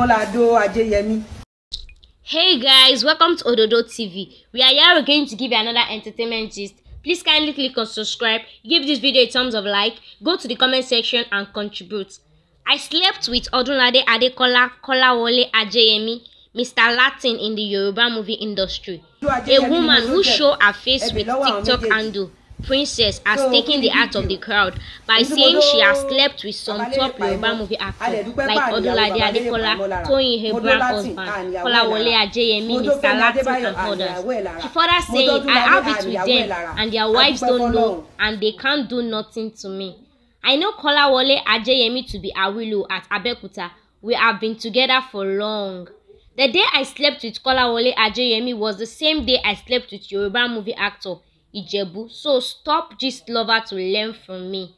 Olado Ajeyemi. Hey guys, welcome to Ododo TV. We are here again to give you another entertainment gist. Please kindly click on subscribe, give this video a thumbs of like, go to the comment section and contribute. I slept with Odunlade Adekola Kolawole Ajeyemi, Mr. Latin in the Yoruba movie industry. A woman who showed her face with TikTok handle princess has so, taken the heart of the crowd by saying she has slept with some top Yoruba movie actor like Odunlade Adekola, Toyin Abraham husband, Kolawole Ajeyemi, Mr. Latin and others. She further saying, I have it with them and their wives don't know and they can't do nothing to me. I know Kolawole Ajeyemi to be Awilo at Abeokuta. We have been together for long. The day I slept with Kolawole Ajeyemi was the same day I slept with Yoruba movie actor Ijebu. So stop Gist Lover to learn from me.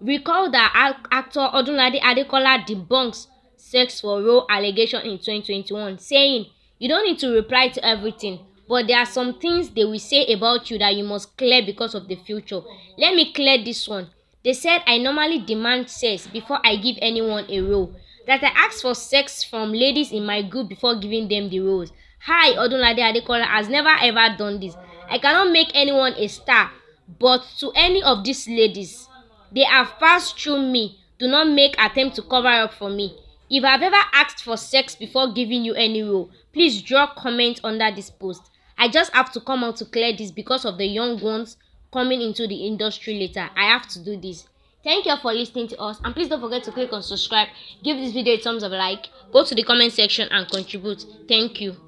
Recall that actor Odunlade Adekola debunks sex for role allegation in 2021, saying, You don't need to reply to everything, but there are some things they will say about you that you must clear because of the future. Let me clear this one. They said I normally demand sex before I give anyone a role. That I ask for sex from ladies in my group before giving them the roles. Hi, Odunlade Adekola has never ever done this. I cannot make anyone a star, but to any of these ladies, they have passed through me. Do not make attempt to cover up for me. If I've ever asked for sex before giving you any role, please draw comment under this post. I just have to come out to clear this because of the young ones coming into the industry later. I have to do this. Thank you for listening to us and please don't forget to click on subscribe, give this video a thumbs up like, go to the comment section and contribute. Thank you.